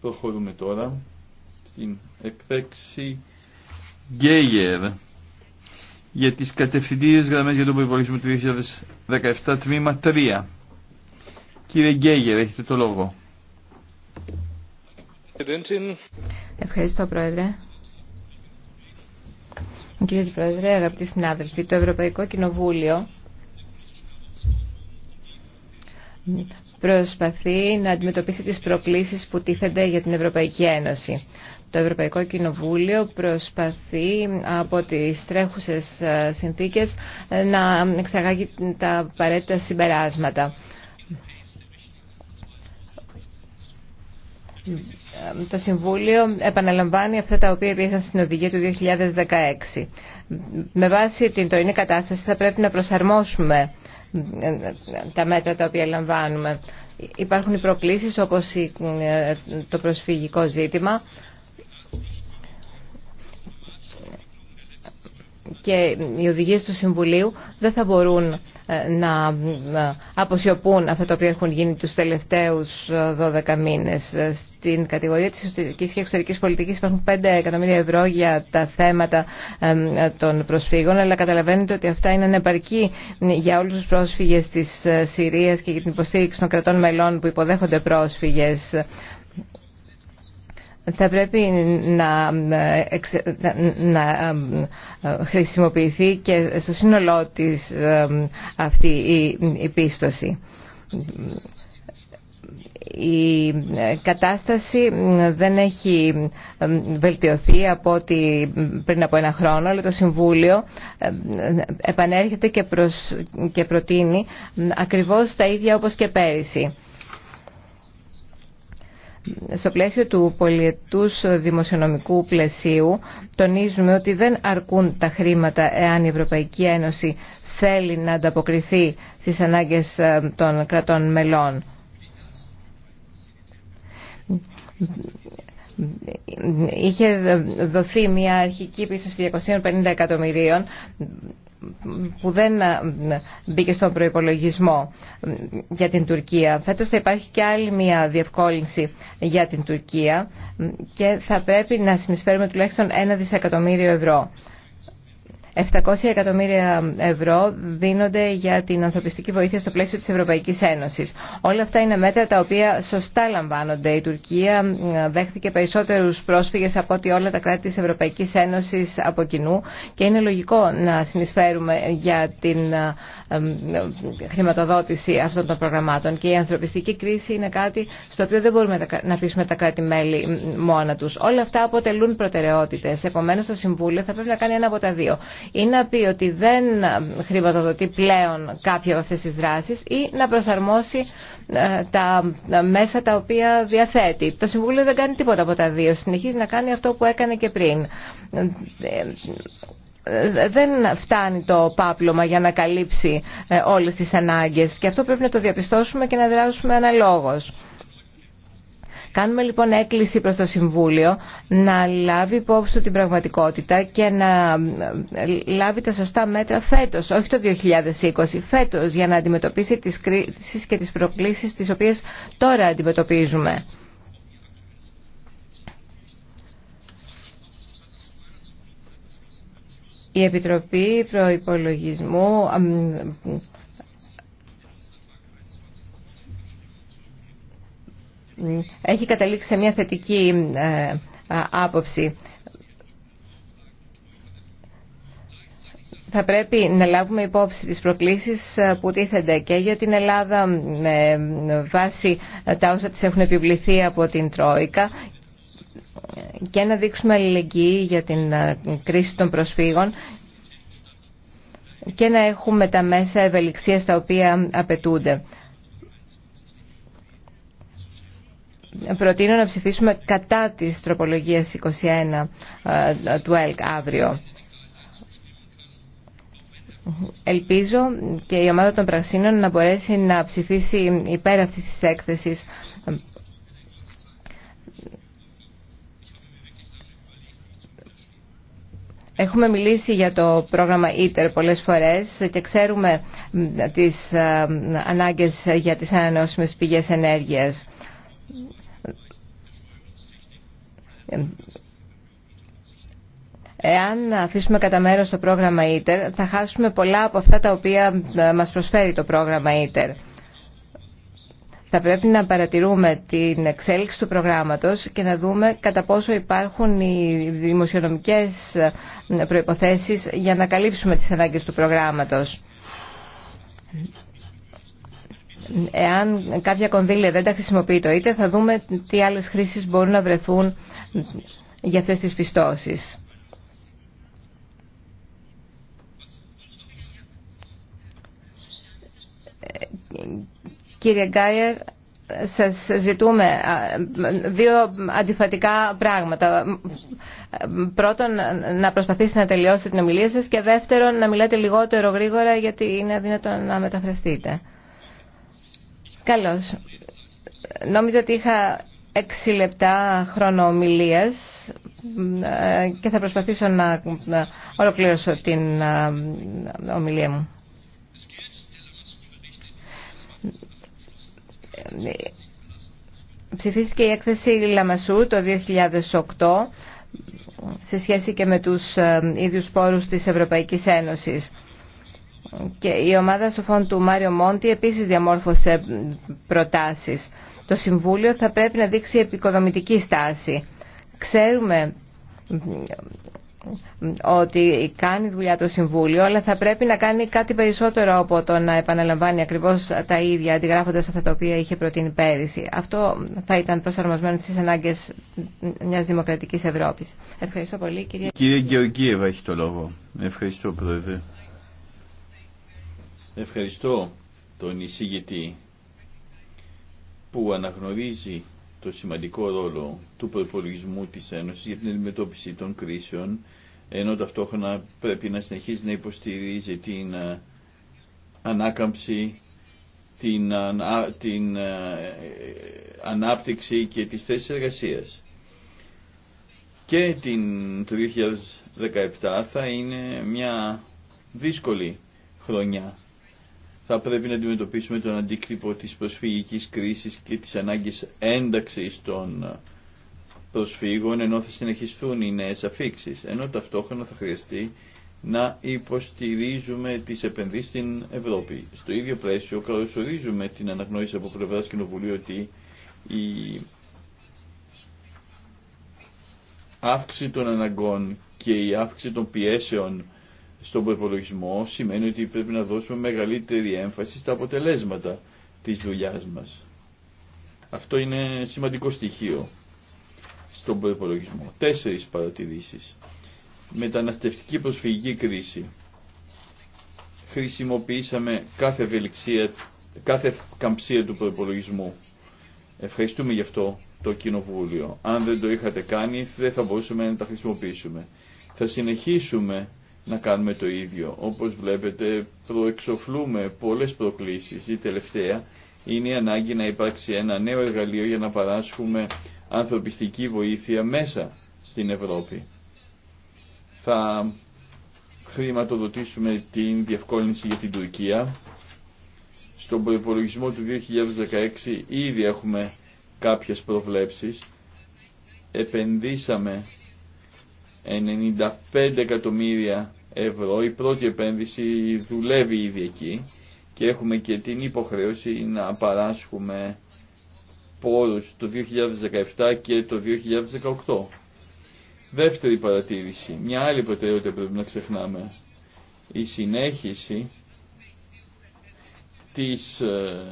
Προχωρούμε τώρα στην εκθέξη Γκέιερ για τις κατευθυντήριες γραμμές για τον προϋπολογισμό του 2017 τμήμα 3. Κύριε Γκέγερ, έχετε το λόγο. Ευχαριστώ, Πρόεδρε. Κύριε Πρόεδρε, αγαπητοί συνάδελφοι, το Ευρωπαϊκό Κοινοβούλιο προσπαθεί να αντιμετωπίσει τις προκλήσεις που τίθενται για την Ευρωπαϊκή Ένωση. Το Ευρωπαϊκό Κοινοβούλιο προσπαθεί από τις τρέχουσες ε, συνθήκες ε, να εξαγάγει τα απαραίτητα συμπεράσματα. Το Συμβούλιο επαναλαμβάνει αυτά τα οποία υπήρχαν στην οδηγία του 2016. Με βάση την τωρινή κατάσταση θα πρέπει να προσαρμόσουμε τα μέτρα τα οποία λαμβάνουμε. Υπάρχουν οι προκλήσεις όπως ε, το προσφυγικό ζήτημα και οι οδηγίες του Συμβουλίου δεν θα μπορούν ε, να ε, αποσιωπούν αυτά τα οποία έχουν γίνει τους τελευταίους 12 ε, μήνες. Στην κατηγορία της εσωτερική και εξωτερικής πολιτικής υπάρχουν 5 εκατομμύρια ευρώ για τα θέματα των προσφύγων, αλλά καταλαβαίνετε ότι αυτά είναι ανεπαρκή για όλους τους πρόσφυγες της Συρίας και για την υποστήριξη των κρατών μελών που υποδέχονται πρόσφυγες θα πρέπει να, να χρησιμοποιηθεί και στο σύνολό της αυτή η πίστοση. Η κατάσταση δεν έχει βελτιωθεί από ότι πριν από ένα χρόνο, αλλά το Συμβούλιο επανέρχεται και, προς, και προτείνει ακριβώς τα ίδια όπως και πέρυσι στο πλαίσιο του πολιετούς δημοσιονομικού πλαισίου τονίζουμε ότι δεν αρκούν τα χρήματα εάν η Ευρωπαϊκή Ένωση θέλει να ανταποκριθεί στις ανάγκες ε, των κρατών μελών. Είχε δοθεί μια αρχική πίσω στις 250 εκατομμυρίων που δεν ε, μπήκε στον προϋπολογισμό για την Τουρκία. Φέτος θα υπάρχει και άλλη μια διευκόλυνση για την Τουρκία και θα πρέπει να συνεισφέρουμε τουλάχιστον ένα δισεκατομμύριο ευρώ. 700 εκατομμύρια ευρώ δίνονται για την ανθρωπιστική βοήθεια στο πλαίσιο της Ευρωπαϊκής Ένωσης. Όλα αυτά είναι μέτρα τα οποία σωστά λαμβάνονται. Η Τουρκία ε, δέχθηκε περισσότερους πρόσφυγες από ότι όλα τα κράτη της Ευρωπαϊκής Ένωσης από κοινού και είναι λογικό να συνεισφέρουμε για την ε, ε, χρηματοδότηση αυτών των προγραμμάτων. Και η ανθρωπιστική κρίση είναι κάτι στο οποίο δεν μπορούμε να αφήσουμε τα κράτη-μέλη μόνα τους. Όλα αυτά αποτελούν προτεραιότητες. Επομένως το Συμβούλιο θα πρέπει να κάνει ένα από τα δύο ή να πει ότι δεν χρηματοδοτεί πλέον κάποια από αυτές τις δράσεις ή να προσαρμόσει ε, τα μέσα τα οποία διαθέτει. Το Συμβούλιο δεν κάνει τίποτα από τα δύο. Συνεχίζει να κάνει αυτό που έκανε και πριν ε, δεν φτάνει το πάπλωμα για να καλύψει ε, όλες τις ανάγκες και αυτό πρέπει να το διαπιστώσουμε και να δράσουμε αναλόγως. Κάνουμε λοιπόν έκκληση προς το Συμβούλιο να λάβει υπόψη του την πραγματικότητα και να ε, λάβει τα σωστά μέτρα φέτος, όχι το 2020, φέτος για να αντιμετωπίσει τις κρίσεις και τις προκλήσεις τις οποίες τώρα αντιμετωπίζουμε. Η Επιτροπή Προϋπολογισμού έχει καταλήξει σε μια θετική ε, άποψη. Θα πρέπει να λάβουμε υπόψη τις προκλήσεις ε, που τίθενται και για την Ελλάδα με βάση ε, τα όσα της έχουν επιβληθεί από την Τρόικα και να δείξουμε αλληλεγγύη για την κρίση των προσφύγων και να έχουμε τα μέσα ευελιξίας τα οποία απαιτούνται. προτείνω να ψηφίσουμε κατά της τροπολογίας 21 ε, του ΕΛΚ αύριο. Ελπίζω και η ομάδα των Πρασίνων να μπορέσει να ψηφίσει υπέρ αυτής της έκθεσης Έχουμε μιλήσει για το πρόγραμμα ITER πολλές φορές και ξέρουμε τις ε, ανάγκες για τις ανανεώσιμες πηγές ενέργειας. Εάν αφήσουμε κατά μέρο το πρόγραμμα ITER, θα χάσουμε πολλά από αυτά τα οποία ε, μας προσφέρει το πρόγραμμα ITER. Θα πρέπει να παρατηρούμε την εξέλιξη του προγράμματος και να δούμε κατά πόσο υπάρχουν οι δημοσιονομικές ε, προϋποθέσεις για να καλύψουμε τις ανάγκες του προγράμματος εάν κάποια κονδύλια δεν τα χρησιμοποιεί το είτε, θα δούμε τι άλλες χρήσεις μπορούν να βρεθούν για αυτές τις πιστώσεις. Κύριε Γκάιερ, σας ζητούμε δύο αντιφατικά πράγματα. Πρώτον, να προσπαθήσετε να τελειώσετε την ομιλία σας και δεύτερον, να μιλάτε λιγότερο γρήγορα γιατί είναι αδύνατο να μεταφραστείτε. Καλώς. Νόμιζα ότι είχα έξι λεπτά χρόνο ομιλίας ε, και θα προσπαθήσω να ολοκλήρωσω την ε, ομιλία μου. Ψηφίστηκε η έκθεση Λαμασού το 2008 σε σχέση και με τους ε, ίδιους πόρους της Ευρωπαϊκής Ένωσης. Και η ομάδα σοφών του Μάριο Μόντι επίσης διαμόρφωσε προτάσεις. Το Συμβούλιο θα πρέπει να δείξει επικοδομητική στάση. Ξέρουμε ότι κάνει δουλειά το Συμβούλιο, αλλά θα πρέπει να κάνει κάτι περισσότερο από το να επαναλαμβάνει ακριβώς τα ίδια, αντιγράφοντας αυτά τα οποία είχε προτείνει πέρυσι. Αυτό θα ήταν προσαρμοσμένο στις ανάγκες μιας δημοκρατικής Ευρώπης. Ευχαριστώ πολύ. Κυρία, Κύριε Γεωργίευα έχει το λόγο. Ευχαριστώ τον εισηγητή που αναγνωρίζει το σημαντικό ρόλο του προπολογισμού της Ένωσης για την αντιμετώπιση των κρίσεων, ενώ ταυτόχρονα πρέπει να συνεχίζει να υποστηρίζει την ε, ανάκαμψη, την, ε, την ε, ανάπτυξη και τις θέσεις εργασίας. Και την, το 2017 θα είναι μια δύσκολη χρονιά θα πρέπει να αντιμετωπίσουμε τον αντίκτυπο της προσφυγικής κρίσης και της ανάγκης ένταξης των προσφύγων ενώ θα συνεχιστούν οι νέες αφήξεις, ενώ ταυτόχρονα θα χρειαστεί να υποστηρίζουμε τις επενδύσεις στην Ευρώπη. Στο ίδιο πλαίσιο καλωσορίζουμε την αναγνώριση από πλευράς Κοινοβουλίου ότι η αύξηση των αναγκών και η αύξηση των πιέσεων στον προπολογισμό σημαίνει ότι πρέπει να δώσουμε μεγαλύτερη έμφαση στα αποτελέσματα της δουλειάς μας. Αυτό είναι σημαντικό στοιχείο στον προπολογισμό. Τέσσερις παρατηρήσεις. Μεταναστευτική προσφυγική κρίση. Χρησιμοποιήσαμε κάθε ευελιξία, κάθε καμψία του προπολογισμού. Ευχαριστούμε γι' αυτό το Κοινοβούλιο. Αν δεν το είχατε κάνει δεν θα μπορούσαμε να τα χρησιμοποιήσουμε. Θα συνεχίσουμε να κάνουμε το ίδιο. Όπως βλέπετε προεξοφλούμε πολλές προκλήσεις. Η τελευταία είναι η ανάγκη να υπάρξει ένα νέο εργαλείο για να παράσχουμε ανθρωπιστική βοήθεια μέσα στην Ευρώπη. Θα χρηματοδοτήσουμε την διευκόλυνση για την Τουρκία. Στον προπολογισμό του 2016 ήδη έχουμε κάποιες προβλέψεις. Επενδύσαμε 95 εκατομμύρια ευρώ. Η πρώτη επένδυση δουλεύει ήδη εκεί και έχουμε και την υποχρέωση να παράσχουμε πόρους το 2017 και το 2018. Δεύτερη παρατήρηση, μια άλλη προτεραιότητα πρέπει να ξεχνάμε, η συνέχιση της ε,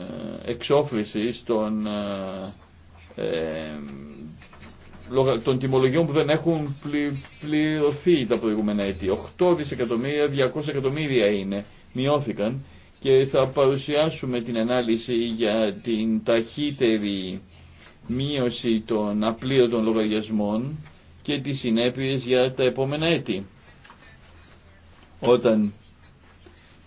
εξόφλησης των ε, ε, των τιμολογιών που δεν έχουν πληρωθεί τα προηγούμενα έτη. 8 δισεκατομμύρια, 200 εκατομμύρια είναι, μειώθηκαν και θα παρουσιάσουμε την ανάλυση για την ταχύτερη μείωση των απλήρωτων λογαριασμών και τις συνέπειες για τα επόμενα έτη. Όταν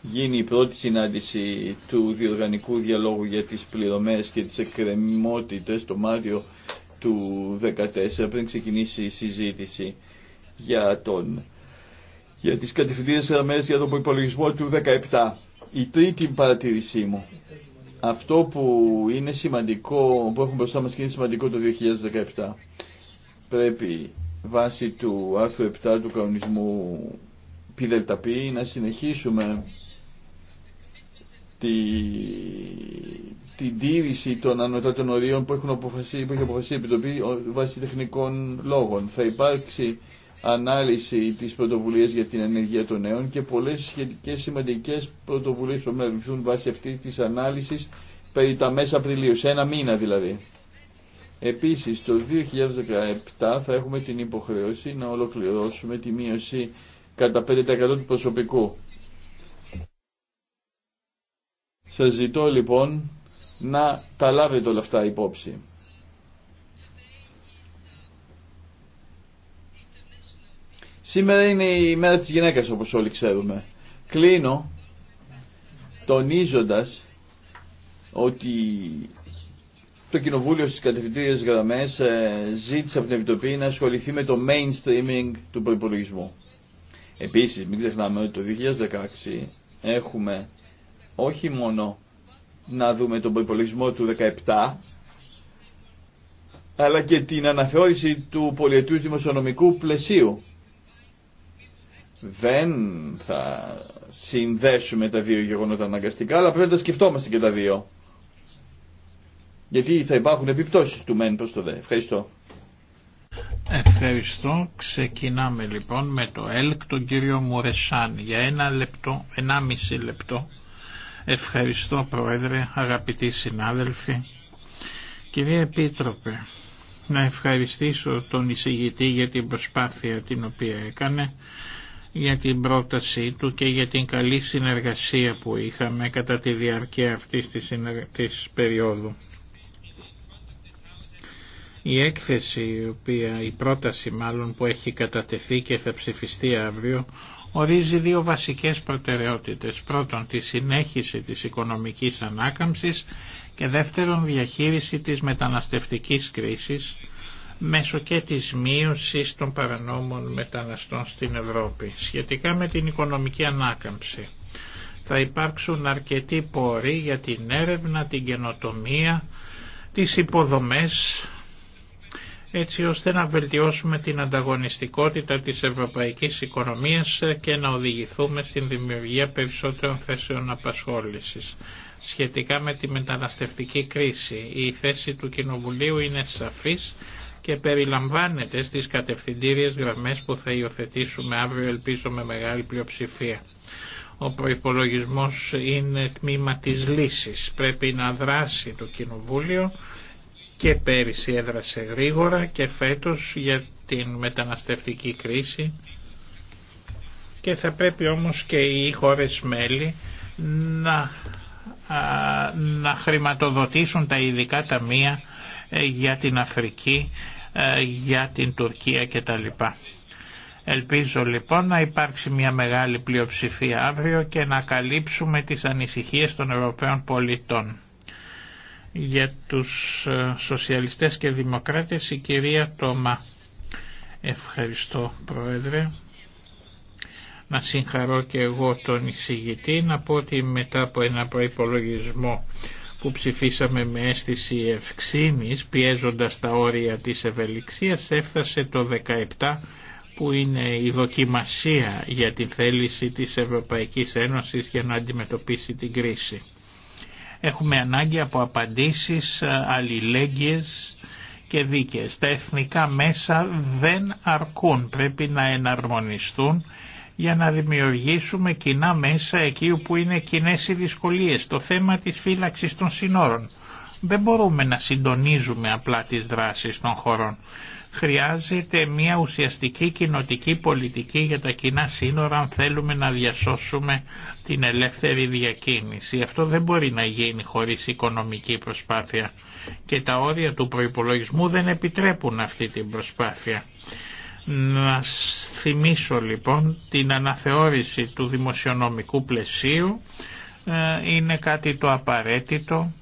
γίνει η πρώτη συνάντηση του διοργανικού διαλόγου για τις πληρωμές και τις εκκρεμότητες το Μάρτιο του 2014 πριν ξεκινήσει η συζήτηση για, τον, για τις κατευθυντήρες γραμμές για τον υπολογισμό του 2017. Η τρίτη παρατήρησή μου. Αυτό που είναι σημαντικό, που έχουμε μπροστά μας και είναι σημαντικό το 2017. Πρέπει βάσει του άρθρου 7 του κανονισμού ΠΔΠ να συνεχίσουμε τη, την τήρηση των ανωτάτων ορίων που, έχουν αποφασίσει, που έχει αποφασίσει η Επιτροπή βάσει τεχνικών λόγων. Θα υπάρξει ανάλυση της πρωτοβουλία για την ενέργεια των νέων και πολλές σχετικές σημαντικές πρωτοβουλίες που θα βάσει αυτή της ανάλυσης περί τα μέσα Απριλίου, σε ένα μήνα δηλαδή. Επίσης, το 2017 θα έχουμε την υποχρέωση να ολοκληρώσουμε τη μείωση κατά 5% του προσωπικού. Σα ζητώ λοιπόν να τα λάβετε όλα αυτά υπόψη. Σήμερα είναι η μέρα της γυναίκας όπως όλοι ξέρουμε. Κλείνω τονίζοντας ότι το Κοινοβούλιο στις κατευθυντήριες γραμμές ε, ζήτησε από την Επιτροπή να ασχοληθεί με το mainstreaming του προϋπολογισμού. Επίσης, μην ξεχνάμε ότι το 2016 έχουμε όχι μόνο να δούμε τον υπολογισμό του 17, αλλά και την αναθεώρηση του πολιετού δημοσιονομικού πλαισίου. Δεν θα συνδέσουμε τα δύο γεγονότα αναγκαστικά, αλλά πρέπει να τα σκεφτόμαστε και τα δύο. Γιατί θα υπάρχουν επιπτώσεις του μεν προς το δε. Ευχαριστώ. Ευχαριστώ. Ξεκινάμε λοιπόν με το ΕΛΚ τον κύριο Μουρεσάν για ένα λεπτό, μισή λεπτό. Ευχαριστώ Πρόεδρε, αγαπητοί συνάδελφοι. Κυρία Επίτροπε, να ευχαριστήσω τον εισηγητή για την προσπάθεια την οποία έκανε, για την πρότασή του και για την καλή συνεργασία που είχαμε κατά τη διάρκεια αυτής της περίοδου. Η έκθεση, η, οποία, η πρόταση μάλλον που έχει κατατεθεί και θα ψηφιστεί αύριο, ορίζει δύο βασικές προτεραιότητες. Πρώτον, τη συνέχιση της οικονομικής ανάκαμψης και δεύτερον, διαχείριση της μεταναστευτικής κρίσης μέσω και της μείωσης των παρανόμων μεταναστών στην Ευρώπη. Σχετικά με την οικονομική ανάκαμψη, θα υπάρξουν αρκετοί πόροι για την έρευνα, την καινοτομία, τις υποδομές, έτσι ώστε να βελτιώσουμε την ανταγωνιστικότητα της ευρωπαϊκής οικονομίας και να οδηγηθούμε στην δημιουργία περισσότερων θέσεων απασχόλησης. Σχετικά με τη μεταναστευτική κρίση, η θέση του Κοινοβουλίου είναι σαφής και περιλαμβάνεται στις κατευθυντήριες γραμμές που θα υιοθετήσουμε αύριο ελπίζω με μεγάλη πλειοψηφία. Ο προϋπολογισμός είναι τμήμα της λύσης. Πρέπει να δράσει το Κοινοβούλιο και πέρυσι έδρασε γρήγορα και φέτος για την μεταναστευτική κρίση και θα πρέπει όμως και οι χώρες μέλη να, να χρηματοδοτήσουν τα ειδικά ταμεία ε, για την Αφρική, ε, για την Τουρκία κτλ. Ελπίζω λοιπόν να υπάρξει μια μεγάλη πλειοψηφία αύριο και να καλύψουμε τις ανησυχίες των Ευρωπαίων πολιτών για τους ε, σοσιαλιστές και δημοκράτες η κυρία Τόμα. Ευχαριστώ Πρόεδρε. Να συγχαρώ και εγώ τον εισηγητή να πω ότι μετά από ένα προϋπολογισμό που ψηφίσαμε με αίσθηση ευξήνης πιέζοντας τα όρια της ευελιξίας έφτασε το 17 που είναι η δοκιμασία για την θέληση της Ευρωπαϊκής Ένωσης για να αντιμετωπίσει την κρίση. Έχουμε ανάγκη από απαντήσεις ε, αλληλέγγυες και δίκαιες. Τα εθνικά μέσα δεν αρκούν, πρέπει να εναρμονιστούν για να δημιουργήσουμε κοινά μέσα εκεί όπου είναι κοινέ οι δυσκολίες. Το θέμα της φύλαξης των συνόρων. Δεν μπορούμε να συντονίζουμε απλά τις δράσεις των χωρών. Χρειάζεται μια ουσιαστική κοινοτική πολιτική για τα κοινά σύνορα αν θέλουμε να διασώσουμε την ελεύθερη διακίνηση. Αυτό δεν μπορεί να γίνει χωρίς οικονομική προσπάθεια και τα όρια του προϋπολογισμού δεν επιτρέπουν αυτή την προσπάθεια. Να θυμίσω λοιπόν την αναθεώρηση του δημοσιονομικού πλαισίου ε, είναι κάτι το απαραίτητο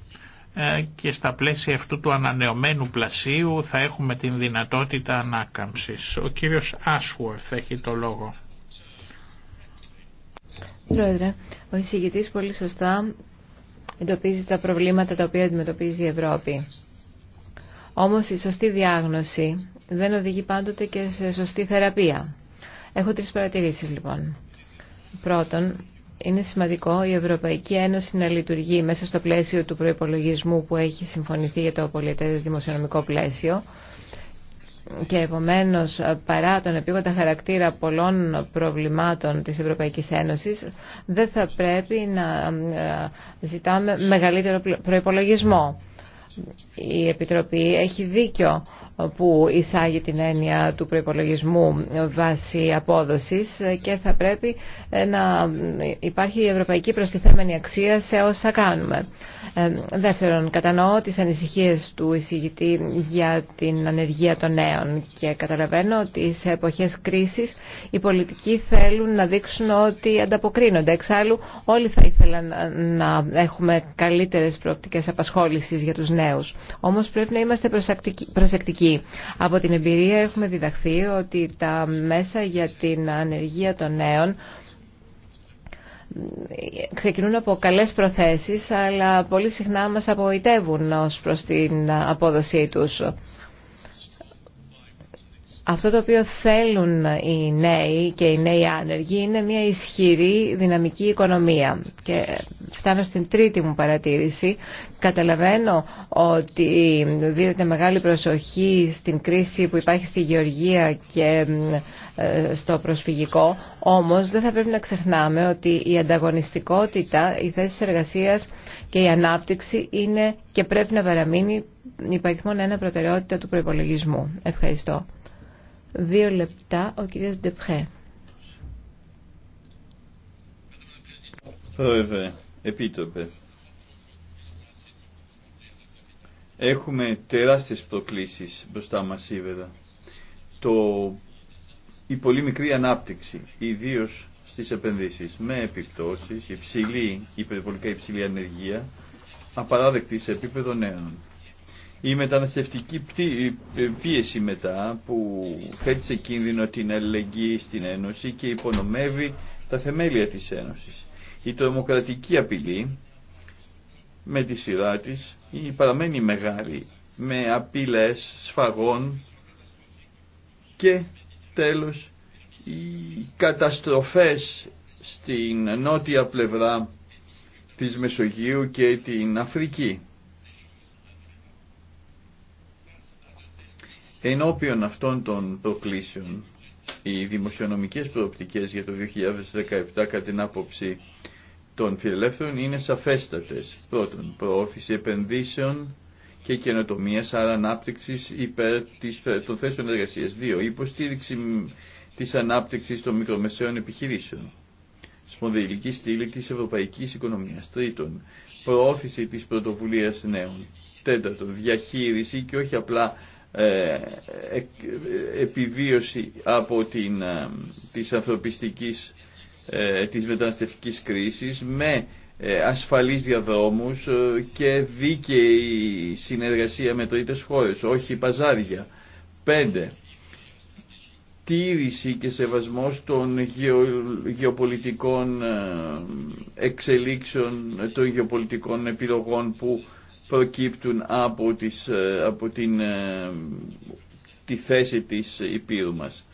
ε, και στα πλαίσια αυτού του ανανεωμένου πλασίου θα έχουμε την δυνατότητα ανάκαμψης. Ο κύριος Άσουαρθ έχει το λόγο. Πρόεδρε, ο εισηγητής πολύ σωστά εντοπίζει τα προβλήματα τα οποία αντιμετωπίζει η Ευρώπη. Όμως η σωστή διάγνωση δεν οδηγεί πάντοτε και σε σωστή θεραπεία. Έχω τρεις παρατηρήσεις λοιπόν. Πρώτον, είναι σημαντικό η Ευρωπαϊκή Ένωση να λειτουργεί μέσα στο πλαίσιο του προϋπολογισμού που έχει συμφωνηθεί για το πολιτές δημοσιονομικό πλαίσιο και επομένως παρά τον επίγοντα χαρακτήρα πολλών προβλημάτων της Ευρωπαϊκής Ένωσης δεν θα πρέπει να ε, ζητάμε μεγαλύτερο προϋπολογισμό. Η Επιτροπή έχει δίκιο που εισάγει την έννοια του προϋπολογισμού βάση απόδοσης και θα πρέπει ε, να υπάρχει η ευρωπαϊκή προστιθέμενη αξία σε όσα κάνουμε. Ε, δεύτερον, κατανοώ τις ανησυχίες του εισηγητή για την ανεργία των νέων και καταλαβαίνω ότι σε εποχές κρίσης οι πολιτικοί θέλουν να δείξουν ότι ανταποκρίνονται. Εξάλλου όλοι θα ήθελαν να έχουμε καλύτερες προοπτικές απασχόλησης για τους νέους. Όμως πρέπει να είμαστε προσεκτικοί από την εμπειρία έχουμε διδαχθεί ότι τα μέσα για την ανεργία των νέων ξεκινούν από καλές προθέσεις αλλά πολύ συχνά μας απογοητεύουν ως προς την απόδοσή τους. Αυτό το οποίο θέλουν οι νέοι και οι νέοι άνεργοι είναι μια ισχυρή δυναμική οικονομία. Και φτάνω στην τρίτη μου παρατήρηση. Καταλαβαίνω ότι δίδεται μεγάλη προσοχή στην κρίση που υπάρχει στη Γεωργία και ε, στο προσφυγικό. Όμως δεν θα πρέπει να ξεχνάμε ότι η ανταγωνιστικότητα, η θέση εργασίας και η ανάπτυξη είναι και πρέπει να παραμείνει υπαριθμόν ένα προτεραιότητα του προπολογισμού. Ευχαριστώ. Δύο λεπτά ο κύριος Ντεπχέ. Πρόεδρε, επίτροπε. Έχουμε τεράστιες προκλήσεις μπροστά μας σήμερα. Το, η πολύ μικρή ανάπτυξη, ιδίω στις επενδύσεις, με επιπτώσεις, υψηλή, υπερβολικά υψηλή ανεργία, απαράδεκτη σε επίπεδο νέων. Η μεταναστευτική ε, πίεση μετά που θέτει σε κίνδυνο την αλληλεγγύη στην Ένωση και υπονομεύει τα θεμέλια της Ένωσης. Η τρομοκρατική απειλή με τη σειρά της παραμένει μεγάλη με απειλές σφαγών και τέλος οι καταστροφές στην νότια πλευρά της Μεσογείου και την Αφρική. Ενώπιον αυτών των προκλήσεων, οι δημοσιονομικές προοπτικές για το 2017 κατά την άποψη των φιλελεύθερων είναι σαφέστατες. Πρώτον, προώθηση επενδύσεων και καινοτομία, άρα ανάπτυξη υπέρ των θέσεων εργασία. Δύο, Υποστήριξη τη ανάπτυξη των μικρομεσαίων επιχειρήσεων. Σπονδυλική στήλη τη ευρωπαϊκή οικονομία. Τρίτον, προώθηση τη πρωτοβουλία νέων. Τέταρτον, διαχείριση και όχι απλά ε, ε, επιβίωση από την, ε, της ανθρωπιστικής της μεταναστευτικής κρίσης με ασφαλείς διαδρόμους και δίκαιη συνεργασία με τρίτες χώρες, όχι παζάρια. Πέντε. Τήρηση και σεβασμός των γεω, γεωπολιτικών εξελίξεων, των γεωπολιτικών επιλογών που προκύπτουν από, ε, την, ε, τη θέση της Υπήρου μας.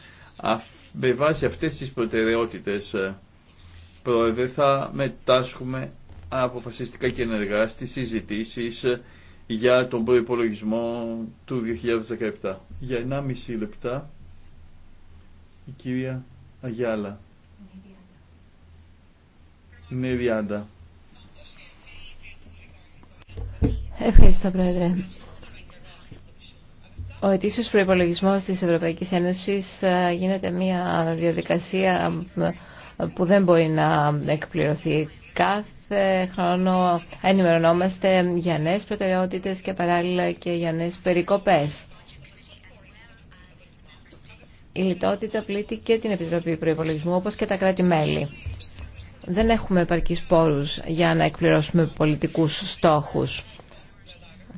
Με βάση αυτές τις προτεραιότητες, ε, Πρόεδρε, θα μετάσχουμε αποφασιστικά και ενεργά στις συζητήσεις για τον προϋπολογισμό του 2017. Για 1,5 λεπτά η κυρία Αγιάλα. Νεριάντα. Ευχαριστώ, Πρόεδρε. Ο ετήσιος προϋπολογισμός της Ευρωπαϊκής Ένωσης ε, γίνεται μια διαδικασία ε, που δεν μπορεί να εκπληρωθεί κάθε χρόνο. Ενημερωνόμαστε για νέες προτεραιότητες και παράλληλα και για νέες περικοπές. Η λιτότητα πλήττει και την Επιτροπή Προϋπολογισμού όπως και τα κράτη-μέλη. Δεν έχουμε επαρκείς πόρους για να εκπληρώσουμε πολιτικούς στόχους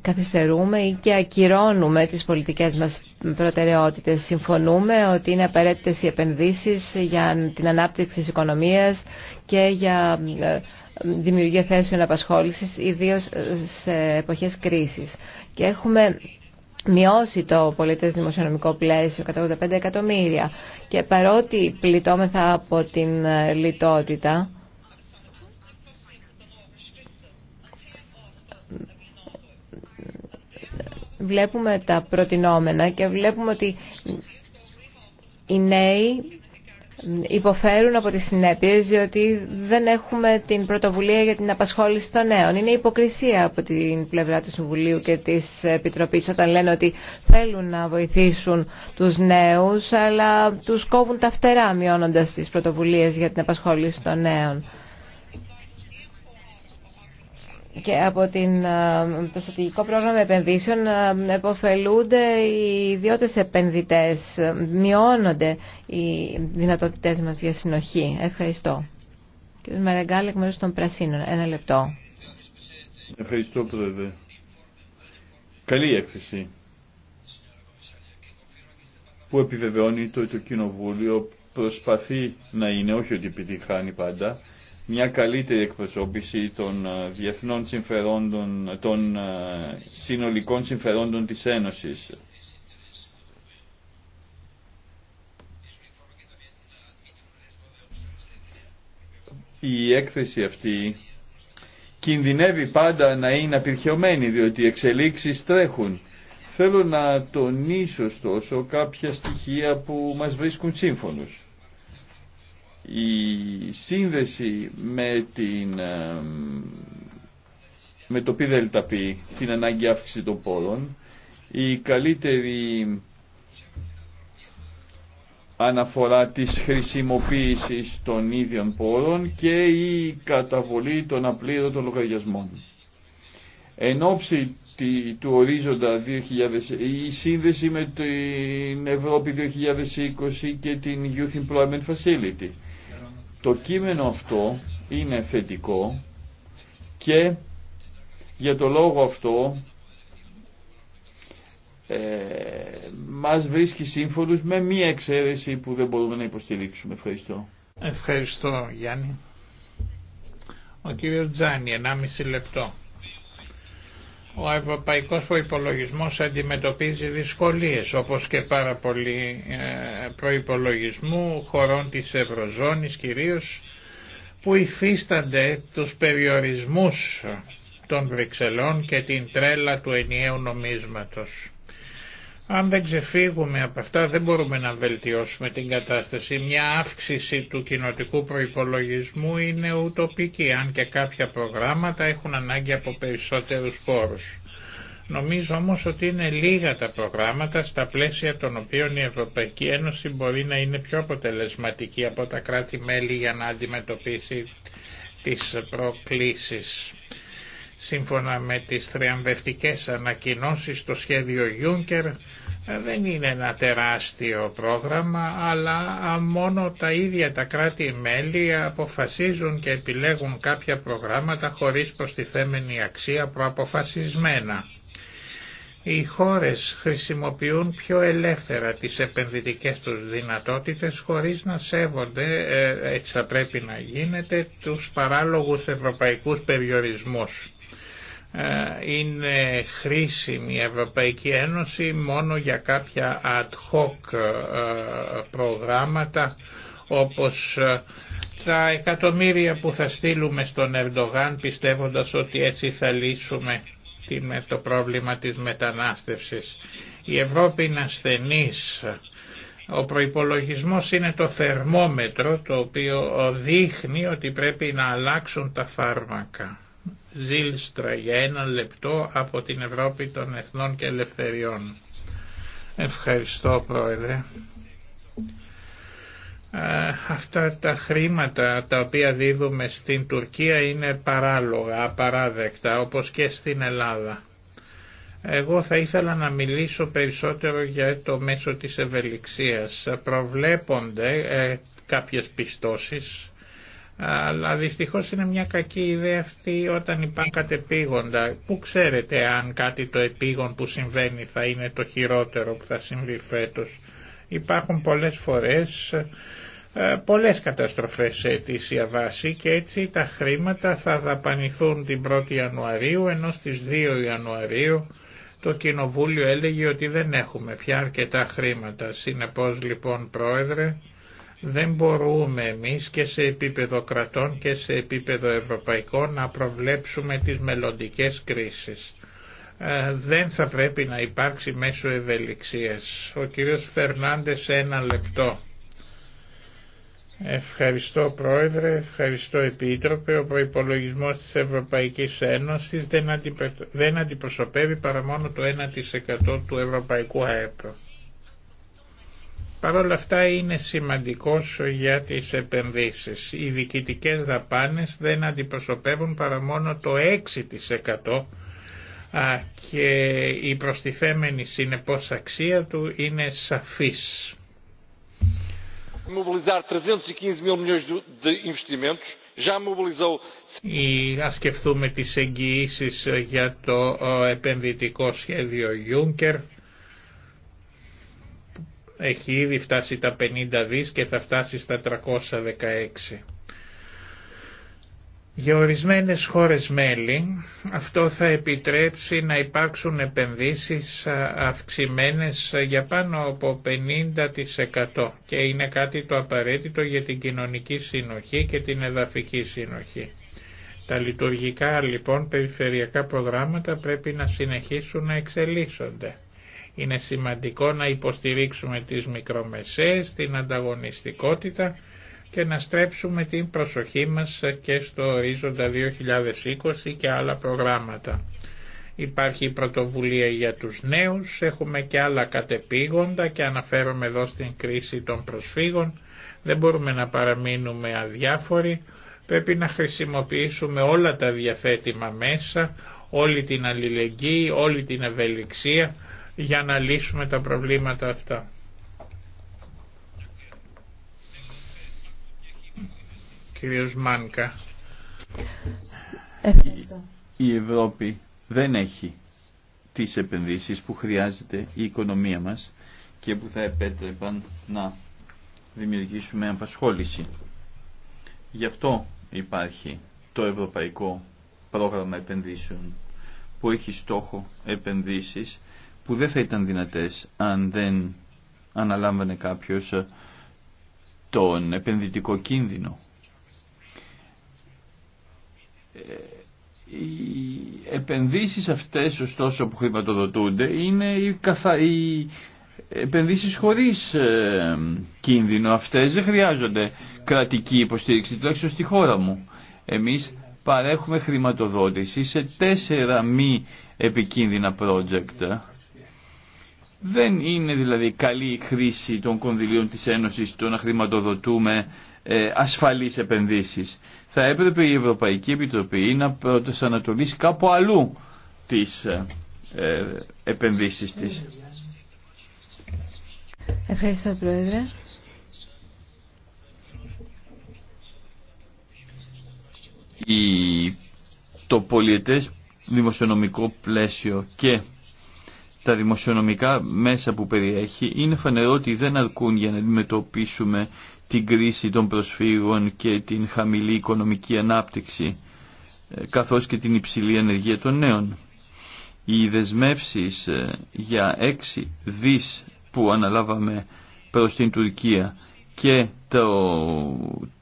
καθυστερούμε ή και ακυρώνουμε τις πολιτικές μας προτεραιότητες. Συμφωνούμε ότι είναι απαραίτητες οι επενδύσεις για την ανάπτυξη της οικονομίας και για ε, δημιουργία θέσεων απασχόλησης, ιδίως σε εποχές κρίσης. Και έχουμε μειώσει το πολίτες δημοσιονομικό πλαίσιο κατά 85 εκατομμύρια. Και παρότι πληττόμεθα από την ε, λιτότητα, βλέπουμε τα προτινόμενα και βλέπουμε ότι οι νέοι υποφέρουν από τις συνέπειες διότι δεν έχουμε την πρωτοβουλία για την απασχόληση των νέων. Είναι υποκρισία από την πλευρά του Συμβουλίου και της Επιτροπής όταν λένε ότι θέλουν να βοηθήσουν τους νέους αλλά τους κόβουν τα φτερά μειώνοντας τις πρωτοβουλίες για την απασχόληση των νέων και από την, ε, το στρατηγικό πρόγραμμα επενδύσεων ε, εποφελούνται οι ιδιώτες επενδυτές. Μειώνονται οι δυνατότητές μας για συνοχή. Ευχαριστώ. Κύριε Μαραγκάλη, εκ μέρους των Πρασίνων. Ένα λεπτό. Ευχαριστώ, Πρόεδρε. Καλή έκθεση που επιβεβαιώνει το, το Κοινοβούλιο προσπαθεί να είναι, όχι ότι επιτυχάνει πάντα, μια καλύτερη εκπροσώπηση των ε, διεθνών συμφερόντων, των ε, συνολικών συμφερόντων της Ένωσης. Η έκθεση αυτή κινδυνεύει πάντα να είναι απειρχαιωμένη, διότι οι εξελίξεις τρέχουν. Θέλω να τονίσω, στόσο κάποια στοιχεία που μας βρίσκουν σύμφωνους η σύνδεση με, την, με το πι την ανάγκη αύξηση των πόρων, η καλύτερη αναφορά της χρησιμοποίησης των ίδιων πόρων και η καταβολή των απλήρωτων λογαριασμών. Εν ώψη του ορίζοντα 2000, η σύνδεση με την Ευρώπη 2020 και την Youth Employment Facility το κείμενο αυτό είναι θετικό και για το λόγο αυτό ε, μας βρίσκει σύμφωνος με μία εξαίρεση που δεν μπορούμε να υποστηρίξουμε. Ευχαριστώ. Ευχαριστώ Γιάννη. Ο κύριος Τζάνι, 1,5 λεπτό. Ο ευρωπαϊκός προϋπολογισμός αντιμετωπίζει δυσκολίες όπως και πάρα πολλοί ε, προϋπολογισμού χωρών της Ευρωζώνης κυρίως που υφίστανται τους περιορισμούς των Βρυξελών και την τρέλα του ενιαίου νομίσματος. Αν δεν ξεφύγουμε από αυτά δεν μπορούμε να βελτιώσουμε την κατάσταση. Μια αύξηση του κοινοτικού προϋπολογισμού είναι ουτοπική, αν και κάποια προγράμματα έχουν ανάγκη από περισσότερους πόρους. Νομίζω όμως ότι είναι λίγα τα προγράμματα στα πλαίσια των οποίων η Ευρωπαϊκή Ένωση μπορεί να είναι πιο αποτελεσματική από τα κράτη-μέλη για να αντιμετωπίσει τις προκλήσεις σύμφωνα με τις θριαμβευτικές ανακοινώσεις στο σχέδιο Juncker ε, δεν είναι ένα τεράστιο πρόγραμμα αλλά ε, μόνο τα ίδια τα κράτη-μέλη αποφασίζουν και επιλέγουν κάποια προγράμματα χωρίς προστιθέμενη αξία προαποφασισμένα. Οι χώρες χρησιμοποιούν πιο ελεύθερα τις επενδυτικές τους δυνατότητες χωρίς να σέβονται, ε, έτσι θα πρέπει να γίνεται, τους παράλογους ευρωπαϊκούς περιορισμούς. Ε, είναι χρήσιμη η Ευρωπαϊκή Ένωση μόνο για κάποια ad hoc ε, προγράμματα όπως ε, τα εκατομμύρια που θα στείλουμε στον Ερντογάν πιστεύοντας ότι έτσι θα λύσουμε το πρόβλημα της μετανάστευσης. Η Ευρώπη είναι ασθενής. Ο προϋπολογισμός είναι το θερμόμετρο το οποίο δείχνει ότι πρέπει να αλλάξουν τα φάρμακα. Ζήλστρα για ένα λεπτό από την Ευρώπη των Εθνών και Ελευθεριών. Ευχαριστώ Πρόεδρε. Ε, αυτά τα χρήματα τα οποία δίδουμε στην Τουρκία είναι παράλογα, απαράδεκτα, όπως και στην Ελλάδα. Εγώ θα ήθελα να μιλήσω περισσότερο για το μέσο της ευελιξίας. Προβλέπονται ε, κάποιες πιστώσεις αλλά δυστυχώς είναι μια κακή ιδέα αυτή όταν υπάρχουν κατεπήγοντα. Πού ξέρετε αν κάτι το επίγον που συμβαίνει θα είναι το χειρότερο που θα συμβεί φέτος. Υπάρχουν πολλές φορές ε, πολλές καταστροφές σε αιτήσια βάση και έτσι τα χρήματα θα δαπανηθούν την 1η Ιανουαρίου ενώ στις 2 Ιανουαρίου το Κοινοβούλιο έλεγε ότι δεν έχουμε πια αρκετά χρήματα. Συνεπώς λοιπόν Πρόεδρε δεν μπορούμε εμείς και σε επίπεδο κρατών και σε επίπεδο ευρωπαϊκό να προβλέψουμε τις μελλοντικές κρίσεις. Ε, δεν θα πρέπει να υπάρξει μέσω ευελιξίας. Ο κύριος Φερνάντες ένα λεπτό. Ευχαριστώ Πρόεδρε, ευχαριστώ Επίτροπε. Ο προϋπολογισμός της Ευρωπαϊκής Ένωσης δεν αντιπροσωπεύει παρά μόνο το 1% του Ευρωπαϊκού ΑΕΠ. Παρ' όλα αυτά είναι σημαντικός για τις επενδύσεις. Οι διοικητικές δαπάνες δεν αντιπροσωπεύουν παρά μόνο το 6% και η προστιθέμενη συνεπώς αξία του είναι σαφής. E Ή ας σκεφτούμε τις εγγυήσεις για το επενδυτικό σχέδιο Juncker έχει ήδη φτάσει τα 50 δις και θα φτάσει στα 316. Για ορισμένες χώρες μέλη αυτό θα επιτρέψει να υπάρξουν επενδύσεις αυξημένες για πάνω από 50% και είναι κάτι το απαραίτητο για την κοινωνική συνοχή και την εδαφική συνοχή. Τα λειτουργικά λοιπόν περιφερειακά προγράμματα πρέπει να συνεχίσουν να εξελίσσονται. Είναι σημαντικό να υποστηρίξουμε τις μικρομεσαίες, την ανταγωνιστικότητα και να στρέψουμε την προσοχή μας και στο ορίζοντα 2020 και άλλα προγράμματα. Υπάρχει η πρωτοβουλία για τους νέους, έχουμε και άλλα κατεπήγοντα και αναφέρομαι εδώ στην κρίση των προσφύγων. Δεν μπορούμε να παραμείνουμε αδιάφοροι, πρέπει να χρησιμοποιήσουμε όλα τα διαθέτημα μέσα, όλη την αλληλεγγύη, όλη την ευελιξία για να λύσουμε τα προβλήματα αυτά. Κύριος Μάνκα. Η Ευρώπη δεν έχει τις επενδύσεις που χρειάζεται η οικονομία μας και που θα επέτρεπαν να δημιουργήσουμε απασχόληση. Γι' αυτό υπάρχει το Ευρωπαϊκό Πρόγραμμα Επενδύσεων που έχει στόχο επενδύσεις που δεν θα ήταν δυνατές αν δεν αναλάμβανε κάποιος ε, τον επενδυτικό κίνδυνο. Ε, οι επενδύσεις αυτές ωστόσο που χρηματοδοτούνται είναι οι, καθα... οι επενδύσεις χωρίς ε, κίνδυνο. Αυτές δεν χρειάζονται κρατική υποστήριξη, τουλάχιστον στη χώρα μου. Εμείς παρέχουμε χρηματοδότηση σε τέσσερα μη επικίνδυνα project δεν είναι δηλαδή καλή χρήση των κονδυλίων της Ένωσης το να χρηματοδοτούμε ε, ασφαλείς επενδύσεις. Θα έπρεπε η Ευρωπαϊκή Επιτροπή να πρωτοσανατολίσει κάπου αλλού τις ε, ε, επενδύσεις της. Ευχαριστώ Πρόεδρε. Η, το πολιετές δημοσιονομικό πλαίσιο και τα δημοσιονομικά μέσα που περιέχει είναι φανερό ότι δεν αρκούν για να αντιμετωπίσουμε την κρίση των προσφύγων και την χαμηλή οικονομική ανάπτυξη ε, καθώς και την υψηλή ανεργία των νέων. Οι δεσμεύσει ε, για έξι δις που αναλάβαμε προς την Τουρκία και το,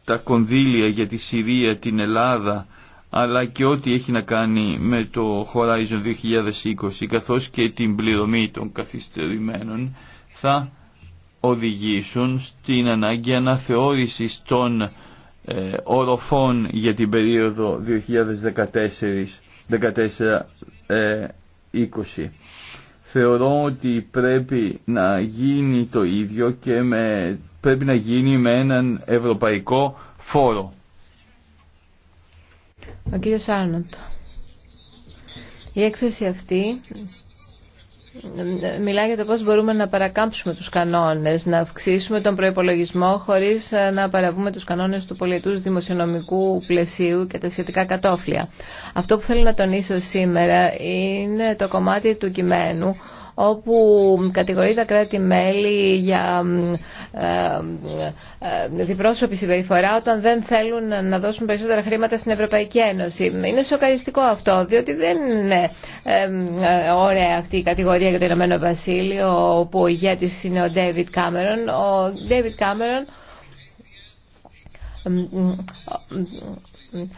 τα κονδύλια για τη Συρία, την Ελλάδα αλλά και ό,τι έχει να κάνει με το Horizon 2020 καθώς και την πληρωμή των καθυστερημένων θα οδηγήσουν στην ανάγκη αναθεώρησης των ε, οροφών για την περίοδο 2014-2020. Ε, Θεωρώ ότι πρέπει να γίνει το ίδιο και με, πρέπει να γίνει με έναν ευρωπαϊκό φόρο ο κύριος Άρνοντ. Η έκθεση αυτή μιλάει για το πώς μπορούμε να παρακάμψουμε τους κανόνες, να αυξήσουμε τον προϋπολογισμό χωρίς να παραβούμε τους κανόνες του πολιτού δημοσιονομικού πλαισίου και τα σχετικά κατόφλια. Αυτό που θέλω να τονίσω σήμερα είναι το κομμάτι του κειμένου όπου κατηγορεί τα κράτη-μέλη για ε, ε, διπρόσωπη συμπεριφορά όταν δεν θέλουν να δώσουν περισσότερα χρήματα στην Ευρωπαϊκή Ένωση. Είναι σοκαριστικό αυτό, διότι δεν είναι ε, ωραία αυτή η κατηγορία για το Ηνωμένο Βασίλειο, όπου ο ηγέτης είναι ο Ντέιβιτ Κάμερον. Ο Ντέιβιτ Κάμερον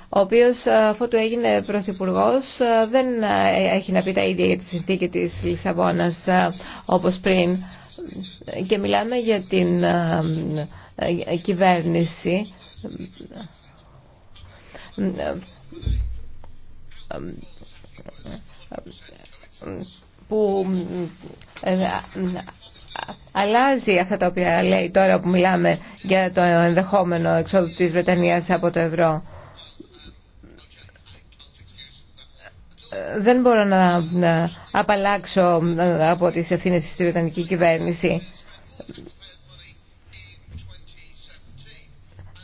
ο οποίος ε, αφού του έγινε Πρωθυπουργό ε, δεν ε, έχει να πει τα ίδια για τη συνθήκη της Λισαβόνας όπως πριν. Και μιλάμε για την κυβέρνηση που αλλάζει αυτά τα οποία λέει τώρα που μιλάμε για το ενδεχόμενο εξόδου της Βρετανίας από το ευρώ. δεν μπορώ να απαλλάξω ε, από τις ευθύνες της Βρετανική κυβέρνηση.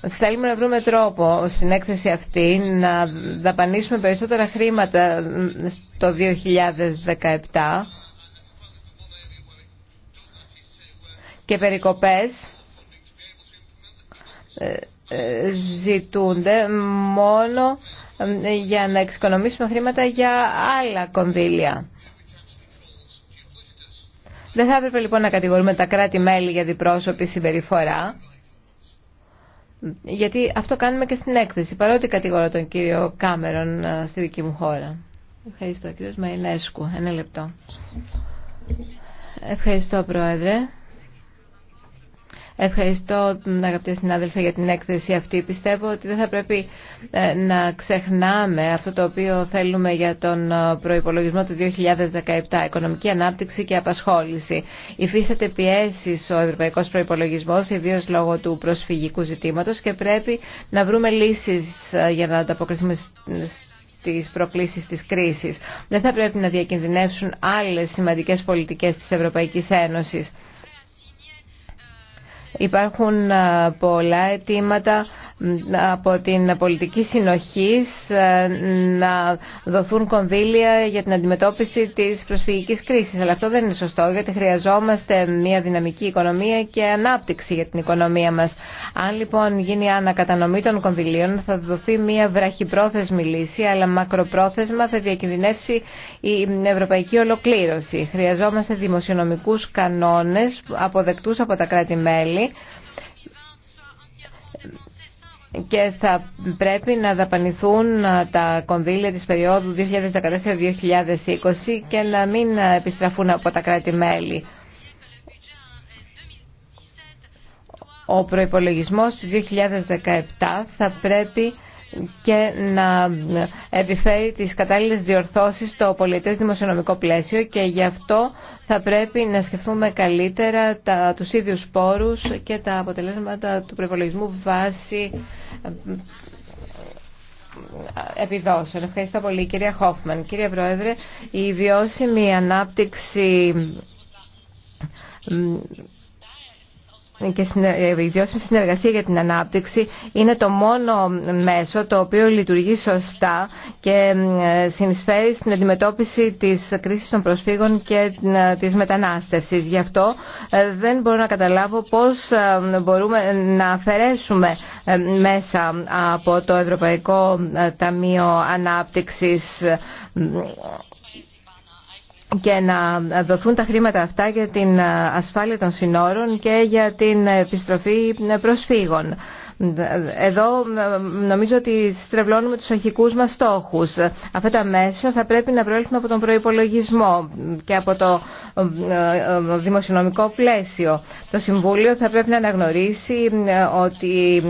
Θέλουμε να βρούμε τρόπο στην έκθεση αυτή να δαπανίσουμε περισσότερα χρήματα ε, το 2017 και περικοπές ε, ε, ζητούνται μόνο ε, για να εξοικονομήσουμε χρήματα για άλλα κονδύλια. Δεν θα έπρεπε λοιπόν να κατηγορούμε τα κράτη-μέλη για διπρόσωπη συμπεριφορά, γιατί αυτό κάνουμε και στην έκθεση, παρότι κατηγορώ τον κύριο Κάμερον ε, στη δική μου χώρα. Ευχαριστώ, κύριος Μαϊνέσκου. Ένα λεπτό. Ευχαριστώ, Πρόεδρε. Ευχαριστώ αγαπητέ συνάδελφοι για την έκθεση αυτή. Πιστεύω ότι δεν θα πρέπει ε, να ξεχνάμε αυτό το οποίο θέλουμε για τον ε, προπολογισμό του 2017, οικονομική ανάπτυξη και απασχόληση. Υφίσταται πιέσει ο Ευρωπαϊκό προϋπολογισμός, ιδίω λόγω του προσφυγικού ζητήματο, και πρέπει να βρούμε λύσει ε, για να ανταποκριθούμε τι προκλήσεις τη κρίση. Δεν θα πρέπει να διακινδυνεύσουν άλλε σημαντικέ πολιτικέ τη Ευρωπαϊκή Ένωση. Υπάρχουν ε, πολλά αιτήματα από την πολιτική συνοχή ε, να δοθούν κονδύλια για την αντιμετώπιση της προσφυγικής κρίσης. Αλλά αυτό δεν είναι σωστό γιατί χρειαζόμαστε μια δυναμική οικονομία και ανάπτυξη για την οικονομία μας. Αν λοιπόν γίνει ανακατανομή των κονδυλίων θα δοθεί μια βραχυπρόθεσμη λύση αλλά μακροπρόθεσμα θα διακινδυνεύσει η ευρωπαϊκή ολοκλήρωση. Χρειαζόμαστε δημοσιονομικούς κανόνες αποδεκτούς από τα κράτη-μέλη και θα πρέπει να δαπανηθούν ε, τα κονδύλια της περίοδου 2014-2020 και να μην ε, επιστραφούν από τα κράτη-μέλη. Ο προϋπολογισμός 2017 θα πρέπει και να επιφέρει τις κατάλληλες διορθώσεις στο πολιτές δημοσιονομικό πλαίσιο και γι' αυτό θα πρέπει να σκεφτούμε καλύτερα τα, τους ίδιους πόρους και τα αποτελέσματα του προπολογισμού βάσει ε, επιδόσεων. Ευχαριστώ πολύ κυρία Χόφμαν. Κύριε Πρόεδρε, η βιώσιμη ανάπτυξη ε, και ε, η βιώσιμη συνεργασία για την ανάπτυξη είναι το μόνο μέσο το οποίο λειτουργεί σωστά και ε, συνεισφέρει στην αντιμετώπιση της κρίσης των προσφύγων και της μετανάστευσης. Γι' αυτό δεν μπορώ να καταλάβω πώς μπορούμε να αφαιρέσουμε μέσα από το Ευρωπαϊκό Ταμείο Ανάπτυξης και να δοθούν τα χρήματα αυτά για την ε, ασφάλεια των συνόρων και για την ε, επιστροφή ε, προσφύγων. Εδώ ε, νομίζω ότι στρεβλώνουμε τους αρχικούς μας στόχους. Αυτά τα μέσα θα πρέπει να προέλθουν από τον προϋπολογισμό και από το ε, ε, δημοσιονομικό πλαίσιο. Το Συμβούλιο θα πρέπει να αναγνωρίσει ότι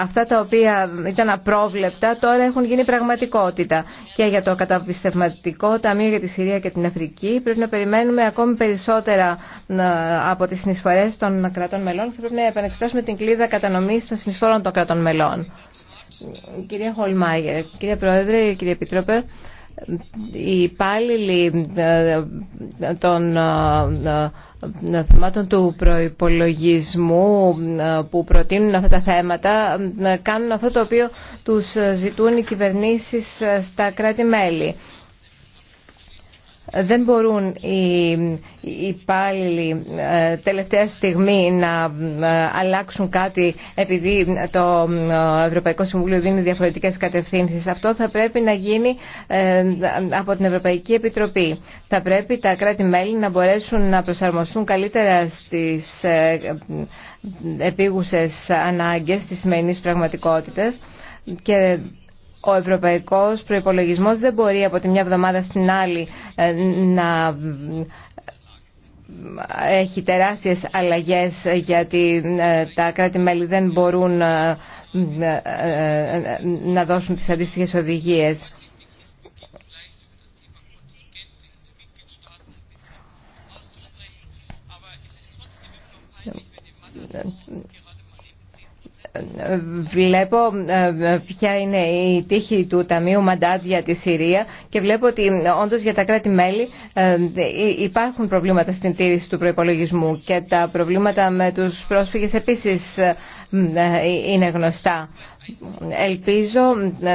αυτά τα οποία ήταν απρόβλεπτα τώρα έχουν γίνει πραγματικότητα. Και για το καταπιστευματικό Ταμείο για τη Συρία και την Αφρική πρέπει να περιμένουμε ακόμη περισσότερα από τις συνεισφορές των κρατών μελών και πρέπει να επανεξετάσουμε την κλίδα κατανομής των συνεισφορών των κρατών μελών. Κυρία Χολμάγερ, κύριε Πρόεδρε, κύριε Επίτροπε, οι υπάλληλοι ε, ε, των ε, θεμάτων του προϋπολογισμού που προτείνουν αυτά τα θέματα κάνουν αυτό το οποίο τους ζητούν οι κυβερνήσεις στα κράτη-μέλη δεν μπορούν οι υπάλληλοι ε, τελευταία στιγμή να ε, αλλάξουν κάτι επειδή το ε, Ευρωπαϊκό Συμβούλιο δίνει διαφορετικές κατευθύνσεις. Αυτό θα πρέπει να γίνει από την Ευρωπαϊκή Επιτροπή. Θα πρέπει τα κράτη-μέλη να μπορέσουν να προσαρμοστούν καλύτερα στις επίγουσες ανάγκες της σημερινής πραγματικότητας και ο ευρωπαϊκός προϋπολογισμός δεν μπορεί από τη μια εβδομάδα στην άλλη ε, να ε, έχει τεράστιες αλλαγές γιατί ε, τα κράτη-μέλη δεν μπορούν να δώσουν τις αντίστοιχες οδηγίες βλέπω ε, ε, ποια είναι η τύχη του Ταμείου Μαντάτ για τη Συρία και βλέπω ότι ε, όντως για τα κράτη-μέλη υπάρχουν προβλήματα στην τήρηση του προϋπολογισμού και τα προβλήματα με τους πρόσφυγες επίσης είναι γνωστά. Ελπίζω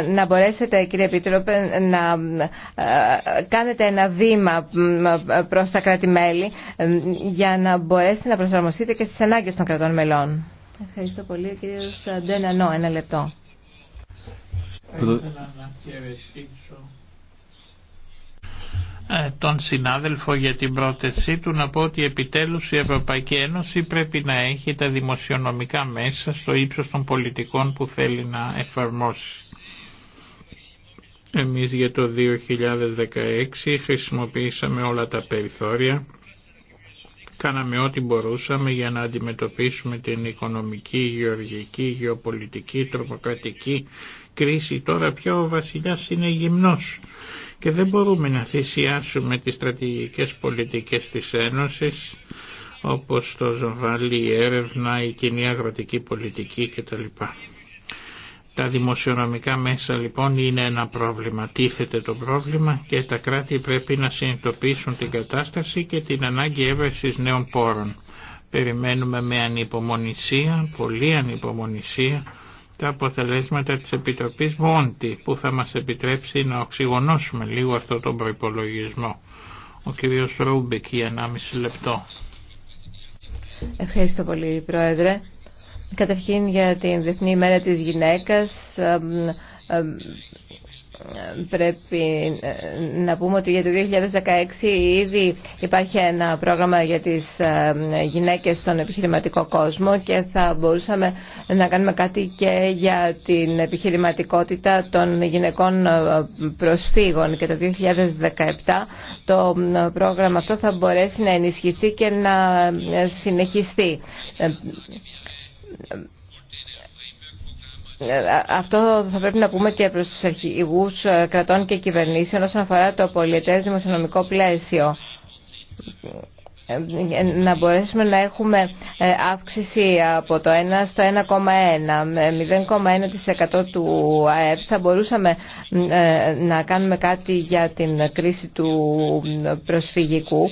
να μπορέσετε κύριε Επίτροπε να κάνετε ένα βήμα προς τα κράτη-μέλη για να μπορέσετε να προσαρμοστείτε και στις ανάγκες των κρατών μελών. Ευχαριστώ πολύ. Ο κύριος Ντενανό, ένα λεπτό. Ε, τον συνάδελφο για την πρότεσή του να πω ότι επιτέλους η Ευρωπαϊκή Ένωση πρέπει να έχει τα δημοσιονομικά μέσα στο ύψος των πολιτικών που θέλει να εφαρμόσει. Εμείς για το 2016 χρησιμοποίησαμε όλα τα περιθώρια Κάναμε ό,τι μπορούσαμε για να αντιμετωπίσουμε την οικονομική, γεωργική, γεωπολιτική, τρομοκρατική κρίση. Τώρα πιο ο βασιλιάς είναι γυμνός και δεν μπορούμε να θυσιάσουμε τις στρατηγικές πολιτικές της Ένωσης όπως το ζωβάλι, η έρευνα, η κοινή αγροτική πολιτική κτλ. Τα δημοσιονομικά μέσα λοιπόν είναι ένα πρόβλημα. Τίθεται το πρόβλημα και τα κράτη πρέπει να συνειδητοποιήσουν την κατάσταση και την ανάγκη έβρεσης νέων πόρων. Περιμένουμε με ανυπομονησία, πολύ ανυπομονησία, τα αποτελέσματα της Επιτροπής Μόντι που θα μας επιτρέψει να οξυγονώσουμε λίγο αυτό τον προϋπολογισμό. Ο κύριος Ρούμπεκ για 1,5 λεπτό. Ευχαριστώ πολύ Πρόεδρε. Καταρχήν για την Διεθνή Μέρα της Γυναίκας πρέπει να πούμε ότι για το 2016 ήδη υπάρχει ένα πρόγραμμα για τις γυναίκες στον επιχειρηματικό κόσμο και θα μπορούσαμε να κάνουμε κάτι και για την επιχειρηματικότητα των γυναικών ε, προσφύγων και το 2017 το πρόγραμμα αυτό θα μπορέσει να ενισχυθεί και να συνεχιστεί. Ε, αυτό θα πρέπει να πούμε και προς τους αρχηγούς ε, κρατών και κυβερνήσεων όσον αφορά το πολιετές δημοσιονομικό πλαίσιο ε, να μπορέσουμε να έχουμε αύξηση από το 1 στο 1,1 με 0,1% του ΑΕΠ θα μπορούσαμε να κάνουμε κάτι για την κρίση του προσφυγικού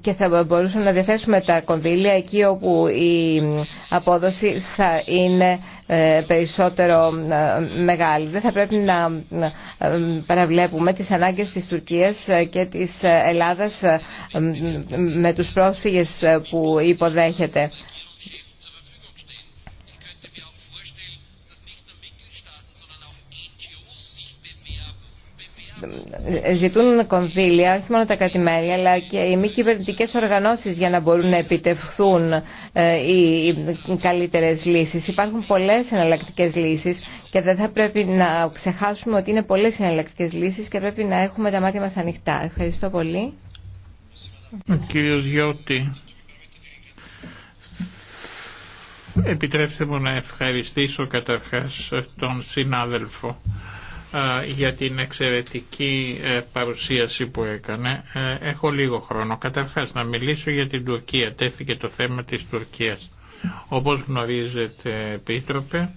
και θα μπορούσαμε να διαθέσουμε τα κονδύλια εκεί όπου η απόδοση θα είναι ε, περισσότερο ε, μεγάλη. Δεν θα πρέπει να ε, παραβλέπουμε τις ανάγκες της Τουρκίας και της Ελλάδας με τους πρόσφυγες που υποδέχεται. Ε, ζητούν κονδύλια όχι μόνο τα κρατημέρια αλλά και οι μη κυβερνητικέ οργανώσεις για να μπορούν να επιτευχθούν ε, οι καλύτερες λύσεις. Υπάρχουν πολλές εναλλακτικέ λύσεις και δεν θα πρέπει να ξεχάσουμε ότι είναι πολλές εναλλακτικέ λύσεις και πρέπει να έχουμε τα μάτια μας ανοιχτά. Ευχαριστώ πολύ. Ο κύριος Γιώτη, επιτρέψτε μου να ευχαριστήσω καταρχάς τον συνάδελφο για την εξαιρετική ε, παρουσίαση που έκανε. Ε, έχω λίγο χρόνο. Καταρχάς να μιλήσω για την Τουρκία. Τέθηκε το θέμα της Τουρκίας. Όπως γνωρίζετε Επίτροπε,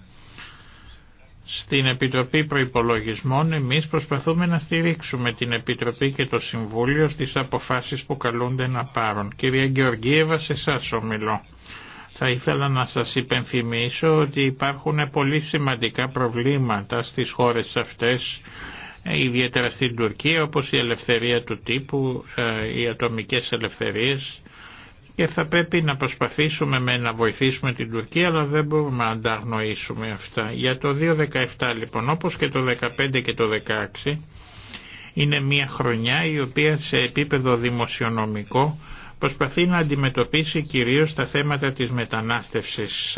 στην Επιτροπή Προϋπολογισμών εμείς προσπαθούμε να στηρίξουμε την Επιτροπή και το Συμβούλιο στις αποφάσεις που καλούνται να πάρουν. Κυρία Γεωργίευα, σε εσάς ομιλώ. Θα ήθελα να σας υπενθυμίσω ότι υπάρχουν πολύ σημαντικά προβλήματα στις χώρες αυτές, ιδιαίτερα στην Τουρκία, όπως η ελευθερία του τύπου, ε, οι ατομικές ελευθερίες και θα πρέπει να προσπαθήσουμε με να βοηθήσουμε την Τουρκία, αλλά δεν μπορούμε να ανταγνωρίσουμε αυτά. Για το 2017 λοιπόν, όπως και το 2015 και το 2016, είναι μια χρονιά η οποία σε επίπεδο δημοσιονομικό προσπαθεί να αντιμετωπίσει κυρίως τα θέματα της μετανάστευσης.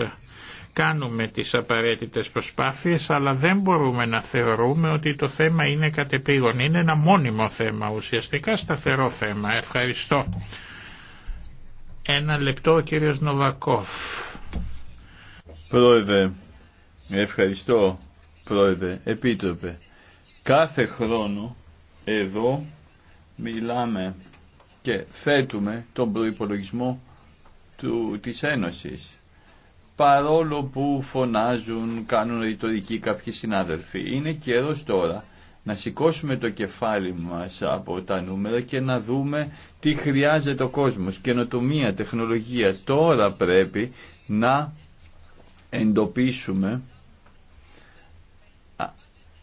Κάνουμε τις απαραίτητες προσπάθειες, αλλά δεν μπορούμε να θεωρούμε ότι το θέμα είναι κατεπήγον. Είναι ένα μόνιμο θέμα, ουσιαστικά σταθερό θέμα. Ευχαριστώ. Ένα λεπτό ο κύριος Νοβακόφ. Πρόεδρε, ευχαριστώ πρόεδρε, επίτροπε. Κάθε χρόνο εδώ μιλάμε και θέτουμε τον προϋπολογισμό του, της Ένωσης. Παρόλο που φωνάζουν, κάνουν ρητορικοί κάποιοι συνάδελφοι, είναι καιρός τώρα να σηκώσουμε το κεφάλι μας από τα νούμερα και να δούμε τι χρειάζεται ο κόσμος. Καινοτομία, τεχνολογία, τώρα πρέπει να εντοπίσουμε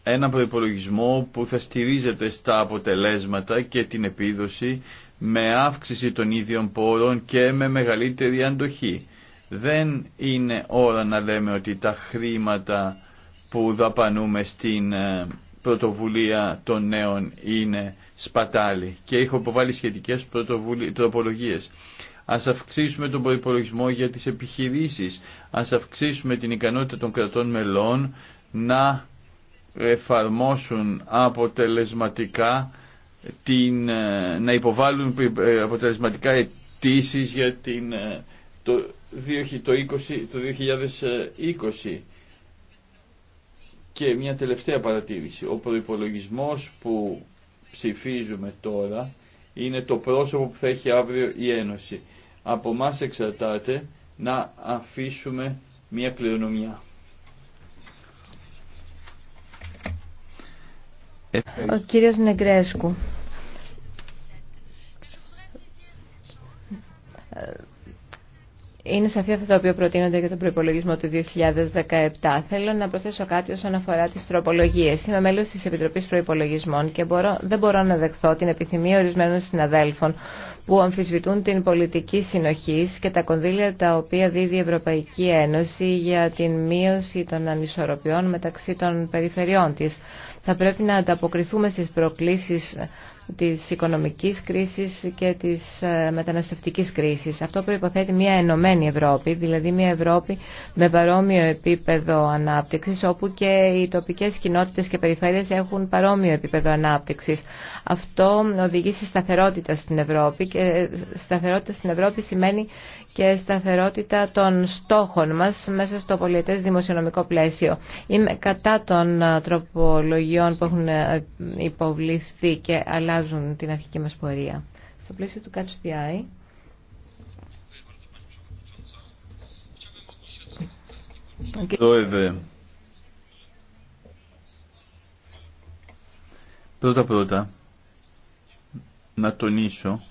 ένα προϋπολογισμό που θα στηρίζεται στα αποτελέσματα και την επίδοση με αύξηση των ίδιων πόρων και με μεγαλύτερη αντοχή. Δεν είναι ώρα να λέμε ότι τα χρήματα που δαπανούμε στην ε, πρωτοβουλία των νέων είναι σπατάλη και έχω υποβάλει σχετικές τροπολογίες. Ας αυξήσουμε τον προϋπολογισμό για τις επιχειρήσεις, ας αυξήσουμε την ικανότητα των κρατών μελών να εφαρμόσουν αποτελεσματικά την, ε, να υποβάλουν ε, αποτελεσματικά αιτήσει για την, ε, το, 2020, το 2020. Και μια τελευταία παρατήρηση. Ο προπολογισμό που ψηφίζουμε τώρα είναι το πρόσωπο που θα έχει αύριο η Ένωση. Από εμά εξαρτάται να αφήσουμε μια κληρονομιά. Ο κύριος Νεγκρέσκου. είναι σαφή αυτό το οποίο προτείνονται για τον προπολογισμό του 2017. Θέλω να προσθέσω κάτι όσον αφορά τι τροπολογίε. Είμαι μέλο τη Επιτροπή Προπολογισμών και μπορώ, δεν μπορώ να δεχθώ την επιθυμία ορισμένων συναδέλφων που αμφισβητούν την πολιτική συνοχή και τα κονδύλια τα οποία δίδει η Ευρωπαϊκή Ένωση για την μείωση των ανισορροπιών μεταξύ των περιφερειών τη. Θα πρέπει να ανταποκριθούμε στι προκλήσει της οικονομικής κρίσης και της ε, μεταναστευτικής κρίσης. Αυτό προϋποθέτει μια ενωμένη Ευρώπη, δηλαδή μια Ευρώπη με παρόμοιο επίπεδο ανάπτυξης, όπου και οι τοπικές κοινότητες και περιφέρειες έχουν παρόμοιο επίπεδο ανάπτυξης. Αυτό οδηγεί στη σταθερότητα στην Ευρώπη και ε, σταθερότητα στην Ευρώπη σημαίνει και σταθερότητα των στόχων μας μέσα στο πολιετές δημοσιονομικό πλαίσιο. Είμαι κατά των ε, τροπολογιών που έχουν υποβληθεί και αλλά επηρεάζουν την αρχική μας πορεία. Στο πλαίσιο του Catch the Eye, Πρόεδρε, πρώτα πρώτα να τονίσω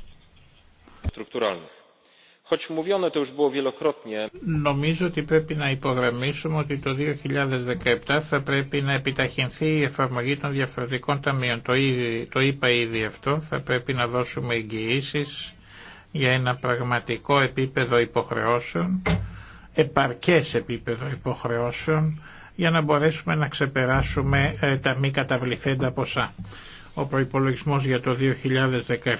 Νομίζω ότι πρέπει να υπογραμμίσουμε ότι το 2017 θα πρέπει να επιταχυνθεί η εφαρμογή των διαφορετικών ταμείων. Το, είπα ήδη αυτό, θα πρέπει να δώσουμε εγγυήσει για ένα πραγματικό επίπεδο υποχρεώσεων, επαρκές επίπεδο υποχρεώσεων, για να μπορέσουμε να ξεπεράσουμε ε, τα μη καταβληθέντα ποσά. Ο προϋπολογισμός για το 2017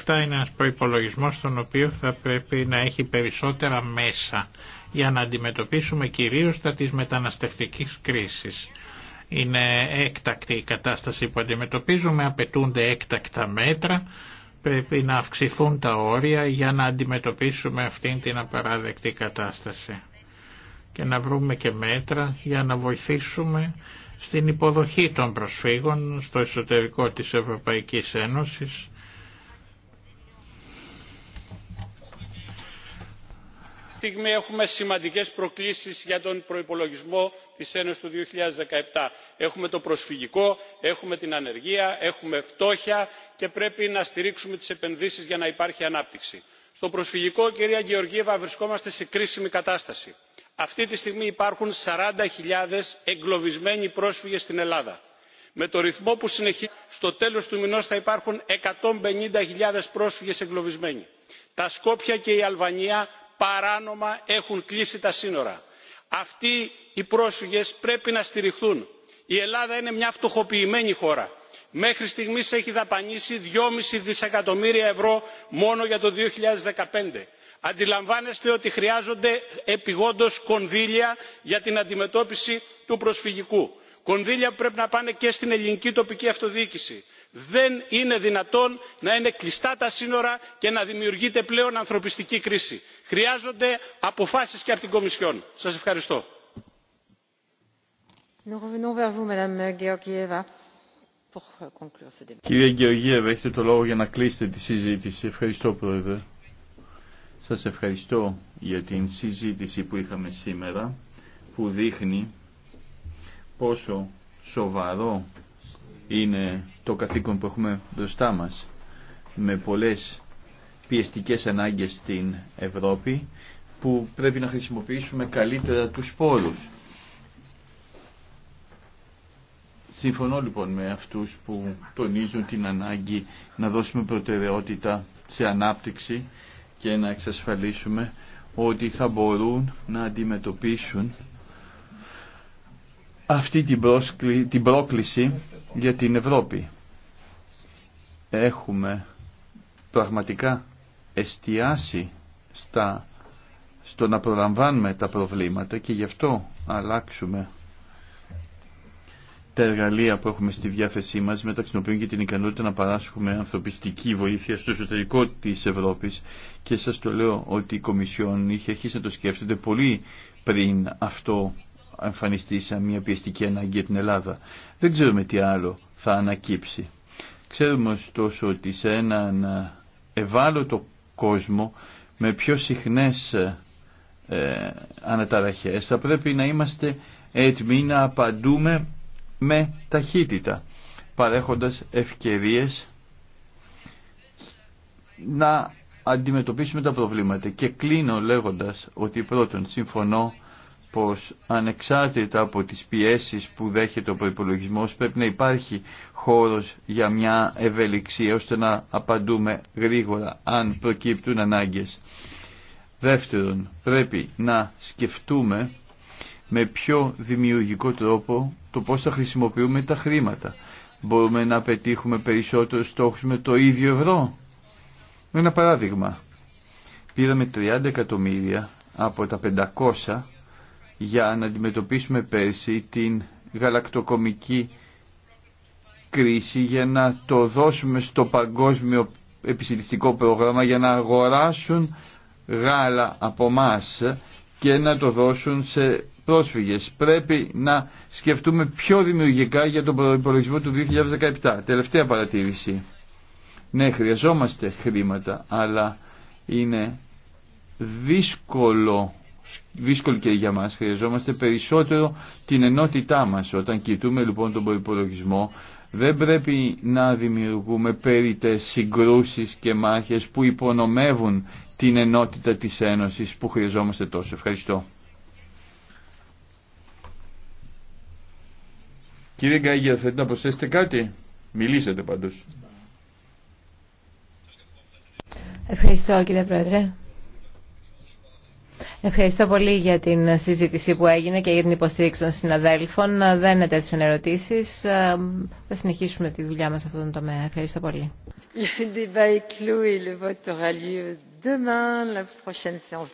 είναι ένας προϋπολογισμός στον οποίο θα πρέπει να έχει περισσότερα μέσα για να αντιμετωπίσουμε κυρίως τα της μεταναστευτικής κρίσης. Είναι έκτακτη η κατάσταση που αντιμετωπίζουμε, απαιτούνται έκτακτα μέτρα, πρέπει να αυξηθούν τα όρια για να αντιμετωπίσουμε αυτήν την απαράδεκτη κατάσταση και να βρούμε και μέτρα για να βοηθήσουμε στην υποδοχή των προσφύγων στο εσωτερικό της Ευρωπαϊκής Ένωσης στιγμή έχουμε σημαντικές προκλήσεις για τον προϋπολογισμό της ένωσης του. 2017. έχουμε το προσφυγικό έχουμε την ανεργία έχουμε φτώχεια και πρέπει να στηρίξουμε τις επενδύσεις για να υπάρχει ανάπτυξη. στο προσφυγικό κυρία γεωργίευα βρισκόμαστε σε κρίσιμη κατάσταση αυτή τη στιγμή υπάρχουν 40.000 εγκλωβισμένοι πρόσφυγες στην Ελλάδα. Με το ρυθμό που συνεχίζει στο τέλος του μηνός θα υπάρχουν 150.000 πρόσφυγες εγκλωβισμένοι. Τα Σκόπια και η Αλβανία παράνομα έχουν κλείσει τα σύνορα. Αυτοί οι πρόσφυγες πρέπει να στηριχθούν. Η Ελλάδα είναι μια φτωχοποιημένη χώρα. Μέχρι στιγμής έχει δαπανίσει 2,5 δισεκατομμύρια ευρώ μόνο για το 2015 αντιλαμβάνεστε ότι χρειάζονται επιγόντως κονδύλια για την αντιμετώπιση του προσφυγικού κονδύλια που πρέπει να πάνε και στην ελληνική τοπική αυτοδιοίκηση. δεν είναι δυνατόν να είναι κλειστά τα σύνορα και να δημιουργείται πλέον ανθρωπιστική κρίση. χρειάζονται αποφάσεις και από την κομισιόν. σας ευχαριστώ. Κύριε έχετε το λόγο για να κλείσετε τη συζήτηση. Ευχαριστώ, Πρόεδρε. Σας ευχαριστώ για την συζήτηση που είχαμε σήμερα που δείχνει πόσο σοβαρό είναι το καθήκον που έχουμε μπροστά μας με πολλές πιεστικές ανάγκες στην Ευρώπη που πρέπει να χρησιμοποιήσουμε καλύτερα τους πόρους. Συμφωνώ λοιπόν με αυτούς που τονίζουν την ανάγκη να δώσουμε προτεραιότητα σε ανάπτυξη και να εξασφαλίσουμε ότι θα μπορούν να αντιμετωπίσουν αυτή την, την πρόκληση για την Ευρώπη. Έχουμε πραγματικά εστιάσει στα, στο να προλαμβάνουμε τα προβλήματα και γι' αυτό αλλάξουμε τα εργαλεία που έχουμε στη διάθεσή μα μεταξύ των οποίων και την ικανότητα να παράσχουμε ανθρωπιστική βοήθεια στο εσωτερικό τη Ευρώπη και σα το λέω ότι η Κομισιόν είχε αρχίσει να το σκέφτεται πολύ πριν αυτό εμφανιστεί σαν μια πιεστική ανάγκη για την Ελλάδα. Δεν ξέρουμε τι άλλο θα ανακύψει. Ξέρουμε ωστόσο ότι σε έναν ευάλωτο κόσμο με πιο συχνές ε, αναταραχές θα πρέπει να είμαστε έτοιμοι να απαντούμε με ταχύτητα, παρέχοντας ευκαιρίες να αντιμετωπίσουμε τα προβλήματα. Και κλείνω λέγοντας ότι πρώτον συμφωνώ πως ανεξάρτητα από τις πιέσεις που δέχεται ο προπολογισμό πρέπει να υπάρχει χώρος για μια ευελιξία ώστε να απαντούμε γρήγορα αν προκύπτουν ανάγκες. Δεύτερον, πρέπει να σκεφτούμε με πιο δημιουργικό τρόπο το πώς θα χρησιμοποιούμε τα χρήματα. Μπορούμε να πετύχουμε περισσότερους στόχους με το ίδιο ευρώ. Με ένα παράδειγμα. Πήραμε 30 εκατομμύρια από τα 500 για να αντιμετωπίσουμε πέρσι την γαλακτοκομική κρίση για να το δώσουμε στο παγκόσμιο επισητιστικό πρόγραμμα για να αγοράσουν γάλα από μας και να το δώσουν σε πρόσφυγες. Πρέπει να σκεφτούμε πιο δημιουργικά για τον προϋπολογισμό του 2017. Τελευταία παρατήρηση. Ναι, χρειαζόμαστε χρήματα, αλλά είναι δύσκολο δύσκολο και για μας, χρειαζόμαστε περισσότερο την ενότητά μας. Όταν κοιτούμε λοιπόν τον προϋπολογισμό, δεν πρέπει να δημιουργούμε περίτες συγκρούσεις και μάχες που υπονομεύουν την ενότητα της Ένωσης που χρειαζόμαστε τόσο. Ευχαριστώ. Κύριε Γκάγια, θέλετε να προσθέσετε κάτι. Μιλήσατε πάντως. Ευχαριστώ κύριε Πρόεδρε. Ευχαριστώ πολύ για την συζήτηση που έγινε και για την υποστήριξη των συναδέλφων. Δεν έτρεψαν ερωτήσει. Ε, θα συνεχίσουμε τη δουλειά μα σε αυτόν τον τομέα. Ευχαριστώ πολύ.